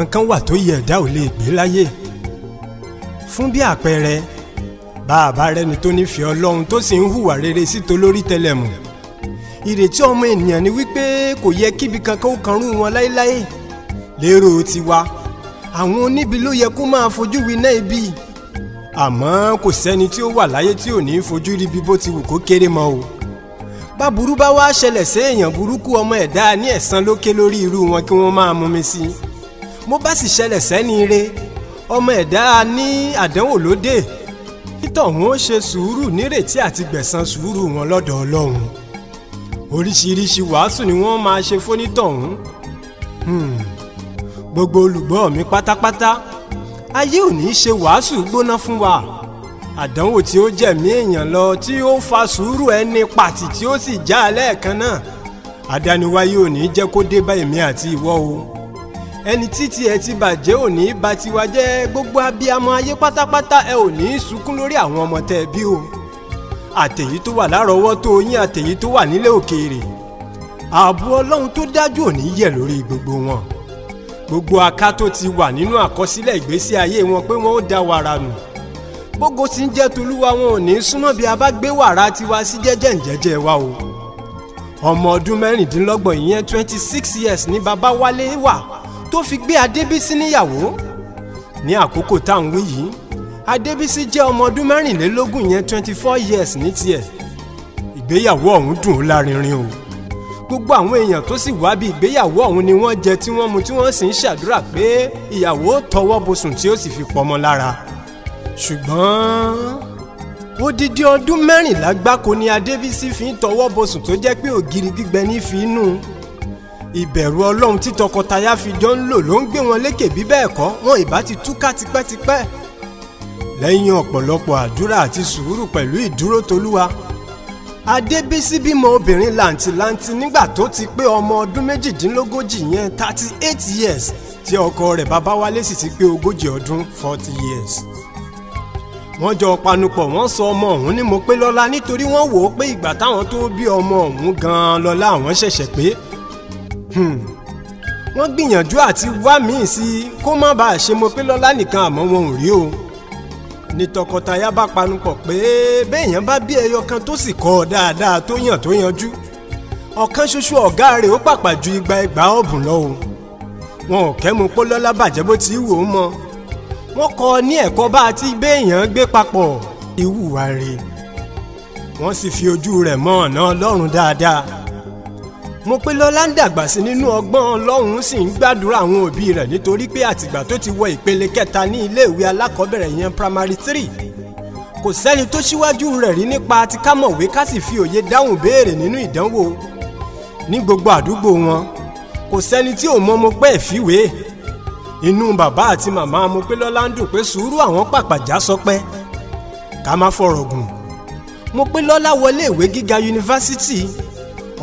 nǹkan kan wà tó yẹ ẹ̀dá ò lè gbé láyè fún bí àpẹẹrẹ bàbá rẹni tó nífẹ̀ẹ́ ọlọ́run tó sì ń hùwà rere síto lórí tẹlẹ̀mù ìrètí ọmọ ènìyàn ni wípé kò yẹ kíbi kankan ó kanrú wọn láéláé lérò tiwa àwọn oníbi ló yẹ kó máa fojú winá ibi àmọ́ kò sẹ́ni tí ó wà láyé tí ò ní fojú ríbi bó ti wù kó kéré mọ́ o báburú bá wá ṣẹlẹ̀ sí èèyàn burúkú ọmọ ẹ̀dá ní ẹ̀san lókè lórí irú wọn kí wọ́n máa mumi sí i mo bá sì ṣẹlẹ̀ sẹ́ni re ọmọ ẹ̀dá ní àdánwò lóde nítọ̀hún ó ṣe sùúrù nírètí àti gbẹ̀san sùúrù wọn lọ́dọ̀ ọlọ́run oríṣiríṣi wàásù ni wọ́n máa ṣe fónítọ̀hún hmm. gbogbo olùgbọ́ mi pátápátá ayé ò ní í ṣe wàásù gbóná fún wa àdánwò tí ó jẹ̀mí èèyàn lọ tí ó fa sùúrù ẹni pàtì tí ó sì já a lẹ́ẹ̀kan náà àdániwáyé ò ní í jẹ́ kó dé bá èmi àti ìwọ o ẹni tí tiẹ̀ ti bàjẹ́ ò ní ba tiwa jẹ́ gbogbo abiyamọ ayé pátápátá ẹ ò ní sunkún lórí àwọn ọmọ tẹ́ ẹ bí o àtẹ̀yí tó wà lárọ̀ọ́wọ́tó yín àtẹ̀yí tó wà nílé òkèèrè ààbò ọlọ́run tó dájú ò ní yẹ lórí gbogbo wọn gbogbo aká tó ti wà nínú àkọsílẹ̀ ìgbésí ayé wọn pé wọ́n ó da wàrà nù gbogbo sì ń jẹ́ tolúwa wọn ò ní súnmọ́ bí a bá gbé wàrà tiwa sí jẹ́jẹ́ wa o ọmọ ọdún mẹ́rìndínlọ́gbọ̀n ìyẹn twenty six years ní Babáwálé wà tó fi gbé Adébísí níyàwó ní àkókò tá à ń wí yìí Adébísí jẹ́ ọmọ ọdún mẹ́rìnlélógún yẹn twenty four years ní tiẹ̀ ìgbéyàwó ọ̀hún dùn ó lárinrin o gbogbo àwọn èèyàn tó sì wá bí ìgbéyàwó ọ̀hún ni wọ́n jẹ tí wọ́n mu tí wọ́n sì ń ṣàdúrà pé ìyàwó tọwọ́ bosùn tí ó sì fi pọmọ lára ṣùgbọ́n odidi ọdún mẹ́rìnlá gbáko ni Adébísí fi ń tọwọ́ bọsùn tó jẹ́ pé ògiri gbígbẹ ní fi inú ìbẹ̀rù ọlọ́run tí tọkọtaya fi jọ ń lò ló ń gbé wọn lékè bí bẹ́ẹ̀ kọ́ wọn ìbá ti túká tipẹ́tipẹ́ lẹ́yìn ọ̀pọ̀lọpọ̀ àdúrà àti sùúrù pẹ̀lú ìdúrótolúwa adébísí bímọ obìnrin làǹtìlanti nígbà tó ti pé ọmọ ọdún méjìdínlógójì yẹn thirty eight years tí ọkọ rẹ̀ babáwálé sì ti pé ogójì ọdún forty years wọ́n jọ panupọ̀ wọ́n sọ ọmọ ọ̀hún ní Mọ́pélọ́lá nítorí wọ́n wò ó pé ìgbà táwọn tó bí ọmọ ọ̀hún gan-an lọ́lá àwọn ṣẹ̀ṣẹ̀ pé Hmm. wọ́n gbìyànjú àti wá míì sí i kó má bàa ṣe mo pé lọ́lá nìkan àmọ́ wọn ò rí o ní tọkọtaya bá panupọ̀ pé béèyàn bá bí ẹyọ kan tó sì kọ́ ọ dáadáa tó yàn tó yanjú ọ̀kan ṣoṣo ọ̀gá rẹ̀ ó pàpà ju igba ẹgbàá ọ̀bùn lọ o wọn ò kẹ́mu pé lọ́lá bàjẹ́ bó ti wò ó mọ́ wọ́n kọ́ ní ẹ̀kọ́ bá a ti béèyàn gbé papọ̀ ìwúwa rẹ̀ wọ́n sì fi ojú rẹ̀ mọ́ ọ̀nà ọlọ́run dáadáa. Mopélọ́lá ń dàgbà sí nínú ọgbọ́n Ọlọ́run sì ń gbàdúrà àwọn òbí rẹ̀ nítorí pé àtìgbà tó ti wọ ìpele kẹta ní iléèwé alákọ̀ọ́bẹ̀rẹ̀ yẹn primary three kò sẹ́ni tó síwájú rẹ̀ rí nípa ti ká mọ̀wé ká sì fi òye dáhùn béèrè nínú ìdánwò ní gbogbo àdúgbò wọn kò sẹ́ni tí ò mọ Mopé fìwé inú bàbá àti màmá Mopélọ́lá ń dùn pé sùúrù àwọn pàpàjá sọpẹ́ ká má fọ̀rọ̀ gùn Mopélọ́lá wọlé ìwé gíga yunifásítì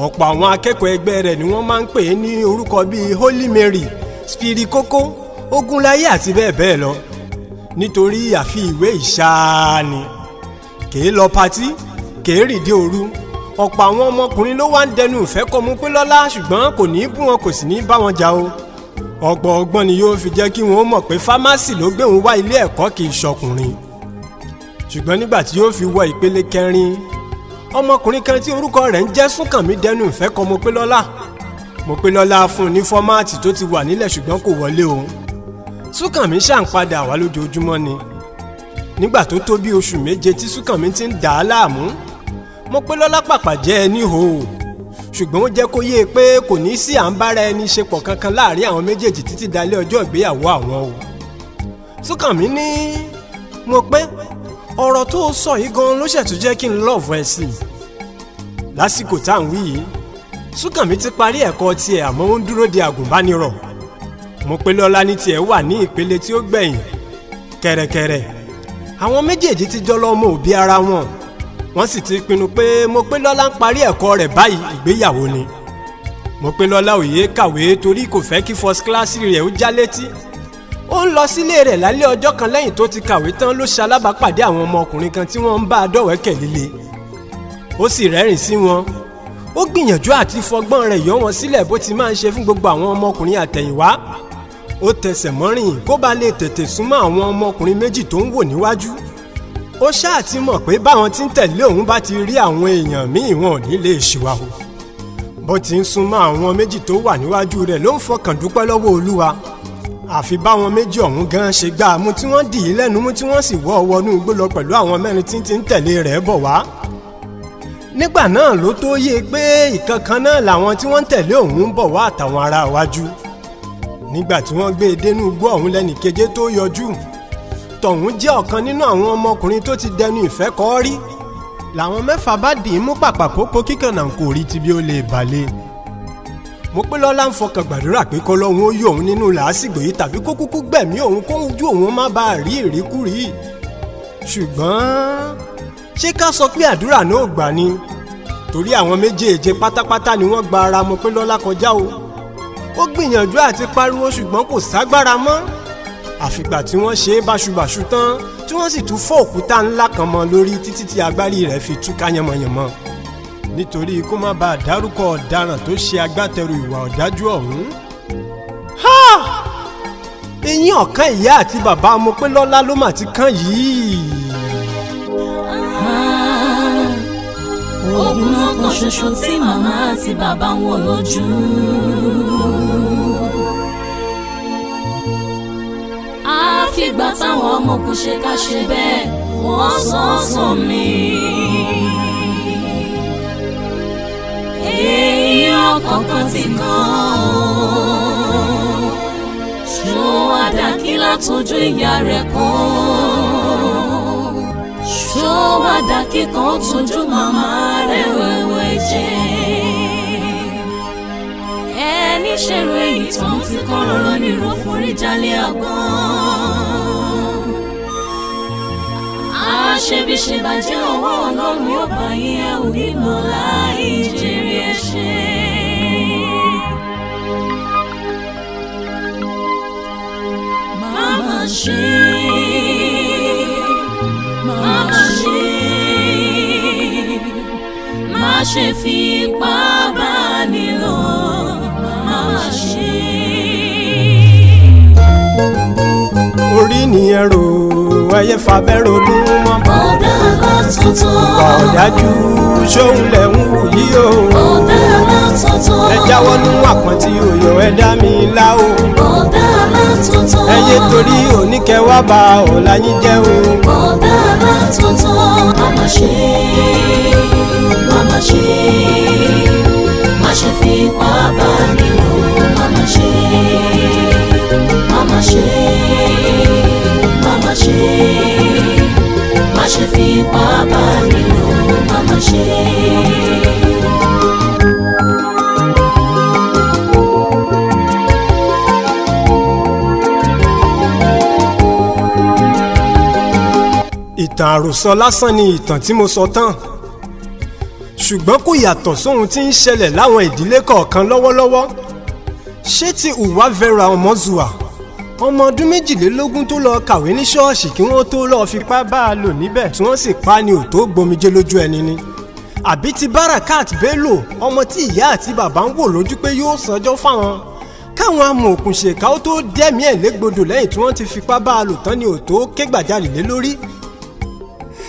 ọ̀pọ̀ àwọn akẹ́kọ̀ọ́ ẹgbẹ́ rẹ̀ ni wọ́n máa ń pè é ní orúkọ bíi Holy Mary Spirikoko Ogunláyé àti bẹ́ẹ̀ bẹ́ẹ̀ lọ nítorí àfi ìwé ìṣááni kèé lọ patí kèé rìndé òru ọ̀pọ̀ àwọn ọmọkùnrin ló wá ń dẹnu ìfẹ́ kọ mú pé lọ́lá ṣùgbọ́n kò ní bú wọn kò sì ní bá wọn jà o ọ̀pọ̀ ọgbọ́n ni yóò fi jẹ́ kí wọ́n mọ̀ pé fámásì ló gbé òun wá ilé ẹ̀kọ́ kì í ṣọkùnrin ṣùgbọ́n nígbà tí yóò fi wọ ìpele kẹrin ọmọkùnrin kan tí orúkọ rẹ̀ ń jẹ́ súnkànmí dẹnu ìfẹ́ kan Mopélọ́lá Mopélọ́lá fún un ní fọ́máàtì tó ti wà nílẹ̀ ṣùgbọ́n kò wọlé òun súnkànmí ṣà ń padà wá lójoojúmọ́ ni nígbà tó tó bí oṣù méje tí súnkànmí ti ń dà á láàmú Mopélọ́lá pàpà jẹ́ ẹni hò ṣùgbọ́n ó jẹ́ kó yé e pé kò ní sí à ń bára ẹni ṣepọ̀ kankan láàrin àwọn méjèèjì títí dalẹ́ ọjọ́ ìgbéyàwó àwọn o súnkànmí ní mo pé ọ̀rọ̀ tó sọ yìí gan ló ṣẹ̀tún jẹ́ kí n lọ́ọ̀fù ẹ sí i lásìkò tá à ń wí yìí Súnkànmí ti parí ẹ̀kọ́ tiẹ̀ àmọ́ ó ń dúró de àgùnbánirọ̀ Mọ́pélọ́lá ní tiẹ̀ wà ní ìpele tí ó gbẹ̀yìn kẹ̀rẹ̀kẹ̀rẹ̀ àwọn méjèèjì ti jọ lọ mọ òbí ara wọn wọ́n sì ti pinnu pé Mọ́pélọ́lá ń parí ẹ̀kọ́ rẹ̀ báyìí ìgbéyàwó ni Mọ́pélọ́lá ò yéé kàwé torí kò fẹ́ kí first class rẹ̀ ó já létí ó ń lọ sílé rẹ̀ lálẹ́ ọjọ́ kan lẹ́yìn tó ti kàwé tán ló ṣalábàápàdé àwọn ọmọkùnrin kan tí wọ́n ń bá a dọ̀wẹ́kẹ̀ líle ó sì rẹ́rìn sí wọn ó gbìyànjú àti fọgbọ́n rẹ̀ yọ wọn sílẹ̀ bó ti máa ń ṣe fún gbogbo àwọn ọmọkùnrin àtẹ̀yìnwá ó tẹsẹ̀ mọ́rìn kó ba lè tètè súnmọ́ àwọn ọmọkùnrin méjì tó ń wò níwájú ó ṣáà ti mọ̀ pé báwọn ti ń tẹ̀lé òun bá ti rí àwọn èèyàn míì wọn ò ní lè ṣìwà o bó ti ń súnmọ́ àwọn méjì tó wà níwájú rẹ̀ ló ń fọkàn dúpẹ́ lọ́wọ́ olúwa àfi báwọn méjì ọ̀hún gan ṣe gbá a mú tí wọ́n dì í lẹ́nu mú tí wọ́n sì wọ́ wọnú igbó lọ pẹ̀lú àwọn mẹ́rin tí ti ń tẹ̀lé rẹ̀ bọ̀ wá. nígbà náà ló tó yé e pé ìkankan náà làwọn tí wọ́n ń tẹ̀lé òun ń bọ̀ wá àtàwọn ará iwájú. nígbà tí wọ́n gbé e dénú igbó ọ̀hún lẹ́nì keje tó yọjú tọ̀hún jẹ́ ọ̀kan nínú àwọn ọmọkùnrin tó ti dẹnu ìfẹ́ kọ́ rí làwọn mẹ́fà bá dì í mú pàpàkókó kíkànnà kò rí ti bí ó lè balẹ̀ Mọ́pélọ́lá ń fọkàn gbàdúrà pé kọ́lọ́hún ó yọ òun nínú làásìgbò yìí tàbí kó kúkú gbẹ̀mí òun kó ojú òun má bàa rí ìríkúrí ṣùgbọ́n ṣé ká sọ pé àdúrà náà gbà ni torí àwọn méjèèje pátápátá ni wọ́n gba ara Mọ́pélọ́lá kọjá o ó gbìyànjú àti pariwo ṣùgbọ́n kò ságbára mọ́ àfìgbà tí wọ́n ṣe é báṣubàṣu tán tí wọ́n sì tún fọ́ òkúta ńlá kan mọ́ lórí títí tí agbárí rẹ̀ fi tú ká yànmọ̀yànmọ́ nítorí kó má bàa dárúkọ ọ̀daràn tó ṣe agbátẹrù ìwà ọ̀dájú ọ̀hún. ha! eyín ọ̀kan ìyá àti bàbá Mopélọ́lá ló mà ti kán yìí. Ah, ogun náà kan ṣoṣo tí màmá àti bàbá ń wò lójú. àfìgbà táwọn ọmọ kò ṣe ká ṣe bẹ́ẹ̀ wọ́n sàn án èèyàn kọ̀ọ̀kan ti kàn ó ṣó àdàkí látojú ìyá rẹ̀ kan ṣó àdàkí kan tójú màmá rẹ̀ wẹ̀wẹ̀ jẹ́ ẹni ṣẹ̀rù èyí tó ń ti kọ́ lọ́rọ́ nírò forí jálẹ̀ àgbọ̀n àṣebíṣe bàjẹ́ ọwọ́ ọlọ́run yóò bá yín ẹ̀ òní mọ̀ láì jẹ́ ṣe fi ipá bá mi lò máa ṣe. orí nìyẹn rò ayé fàbẹ́ ronú mọ́. ọ̀dà kan tuntun. ọ̀dájú ṣóhun jáwọ́ nínú àpọ́ntí òyò ẹ̀dá mi láò. ọ̀gá alátótó. ẹyẹ torí oníkẹwàá bá ọ̀la yín jẹ́ o. ọ̀gá alátótó àmà ṣe àmà ṣe má ṣe fi ipá bá nílò àmà ṣe àmà ṣe àmà ṣe má ṣe fi ipá bá nílò àmà ṣe. ìtàn àròsọ lásán ni ìtàn tí mo sọ tán ṣùgbọ́n kò yàtọ̀ sóhun tí ń ṣẹlẹ̀ láwọn ìdílé kọ̀ọ̀kan lọ́wọ́lọ́wọ́ ṣé ti Uwa Vera Ọmọzùwà ọmọ ọdún méjìlélógún tó lọ kàwé ní ṣọ́ọ̀ṣì kí wọ́n tó lọ́ọ́ fipá bá a lò níbẹ̀ tí wọ́n sì pa á ní òtó gbomijé lójú ẹni ni àbí ti Barakat Bello ọmọ tí ìyá àti bàbá ń wò lójú pé yóò sanjọ́ fáwọn káwọn amòòkùnṣèkà ó tó dẹ́mi ẹ̀ légbodò lẹ́yìn tí wọ́n ti fipá bá a lò tán ní òtó kégbàjarè lé lórí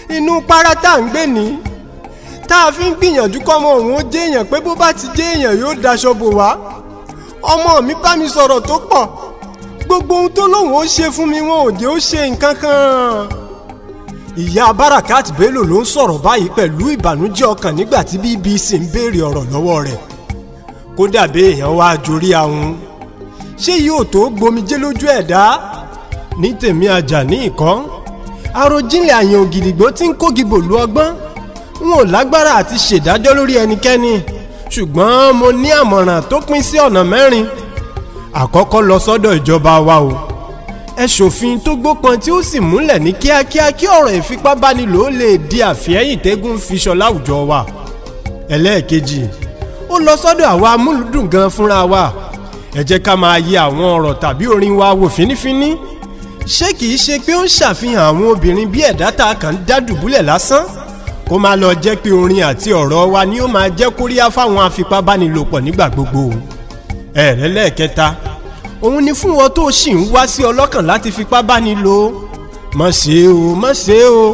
inú para tá à ń gbé ní tá a fi ń gbìyànjú kọ́mọ òun ó jẹ́ èèyàn pé bó bá ti jẹ́ èèyàn yóò daṣọ bò wá ọmọ mi bá mi sọ̀rọ̀ tó pọ̀ gbogbo ohun tó lóun ó ṣe fún mi wọn ò jẹ́ ó ṣe nǹkan kan. ìyá Barakat Bello ló ń sọ̀rọ̀ báyìí pẹ̀lú ìbànújẹ́ ọkàn nígbà tí BBC ń béèrè ọ̀rọ̀ lọ́wọ́ rẹ̀ kódà bí èèyàn wá jorí ahun ṣé yóò tó gbomijé lójú ẹ̀dá ní tèmi ajá ní ìkọ́ àròjinlẹ̀ àyàn ògìdìgbò tí ń kógibò lu ọgbọ́n n ò lágbára àti ṣèdájọ́ lórí ẹnikẹ́ni ṣùgbọ́n mo ní àmọ̀ràn tó pín sí ọ̀nà mẹ́rin àkọ́kọ́ lọ sọ́dọ̀ ìjọba wa o ẹ ṣòfin tó gbópọn tí ó sì múlẹ̀ ní kíákíá kí ọ̀rọ̀ ìfipábánilò lè di àfihẹ́yìn tẹ́gùn fiṣọ láwùjọ wa ẹlẹ́ẹ̀kejì ó lọ sọ́dọ̀ àwa amúlùdùn gan fúnra wa ẹ jẹ́ ká máa yẹ àwọn ọ̀rọ̀ tàbí orin wa wò fínífíní ṣé kìí ṣe pé ó ń ṣàfihàn àwọn obìnrin bí ẹ̀dá tá a kàn ń dá dùbúlẹ̀ lásán kó máa lọ jẹ́ pé orin àti ọ̀rọ̀ wa ni ó máa jẹ́ kóríyá fáwọn afipábánilòpọ̀ nígbà gbogbo ẹ̀rẹ́ lẹ́ẹ̀kẹta òun ni fún wọn tó sì ń wá sí ọlọ́kàn láti fipá báni lò mọ̀ ṣe o mọ̀ ṣe o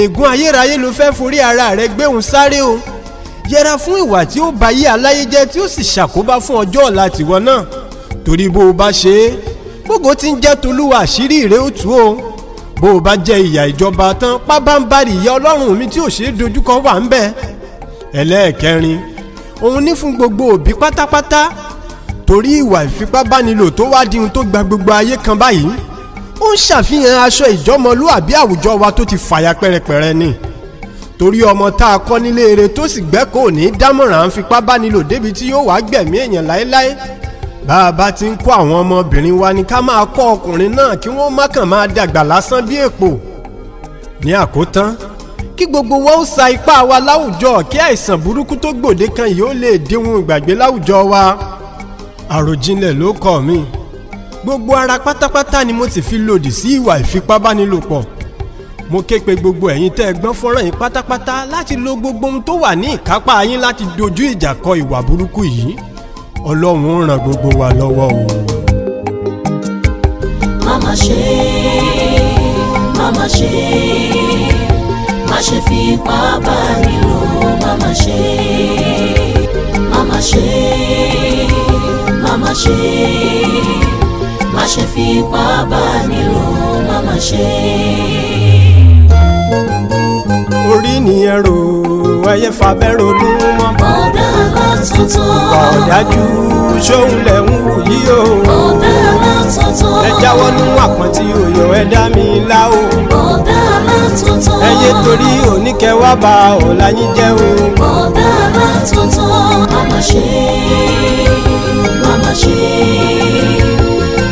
ègún ayérayé ló fẹ́ forí ara rẹ gbéhùn sáré o yẹra fún ìwà tí ó ba yé aláyé jẹ́ tí ó sì ṣàkóbá fún ọjọ́ ọ̀la tìwọ náà torí bó o bá ṣe é bógo ti ń jẹ́ tolúwa àṣírí rẹ̀ ó tú o bó o bá jẹ ìyà ìjọba tán pábánbarì ìyà ọlọ́run mi tí ò ṣeé dojúkọ wà ń bẹ̀. ẹlẹ́ẹ̀kẹrin òun ní fún gbogbo òbí pátápátá torí ìwà ìfipábánilò tó wá di ohun tó gba gbogbo ayé kan báyìí ó ń ṣàfihàn aṣọ ìjọmọlúàbí àwùjọ wa tó ti fàya pẹ́rẹpẹ̀rẹ ni torí ọmọ tá a kọ́ nílé eré tó sì gbẹ́kọ̀ọ́ ní dámọ̀ràn fipá débi tí yóò wá gbẹ̀mí èèyàn láéláé bá a bá ti ń kó àwọn ọmọbìnrin wa ni ká máa kọ́ ọkùnrin náà kí wọ́n má kàn máa dàgbà lásán bí èpò ní àkótán kí gbogbo wa ó sa ipá wa láwùjọ kí àìsàn burúkú tó gbòde kan yìí ó lè díhun ìgbàgbé láwùjọ wa àròjinlẹ̀ ló kọ́ mi gbogbo ara pátápátá ni mo sì fi lòdì sí ìwà ìfipábánilòpọ̀ mo ké pe gbogbo ẹ̀yin tẹ́ ẹ gbọ́n fọ́nrán yìí pátápátá láti lo gbogbo ohun tó wà ní ìkápá yín láti dojú ìjà kọ ìwà burúkú yìí ọlọ́run ó ràn gbogbo wa lọ́wọ́ o. màmá ṣe màmá ṣe má ṣe fi ipá bá ní lò màmá ṣe màmá ṣe màmá ṣe má ṣe fi ipá bá ní lò màmá ṣe. orí nìyẹn ro ayé fabẹ́ ronú mọ́ tuntun. ọ̀dájú sóhun lẹ̀ ń wù yí o. ọ̀dàlá tuntun. ẹ jáwọ́ nínú àpọ̀ntí òyò ẹ dá mi lá o. ọ̀dàlá tuntun. ẹ yé torí oníkẹwàá bá ọ̀la yín jẹ́ o. ọ̀dàlá tuntun. màmá ṣe màmá ṣe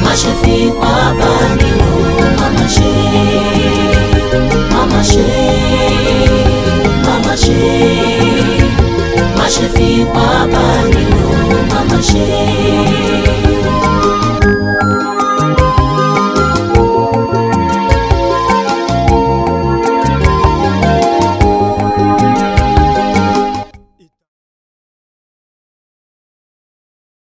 má fi ipá bá mi.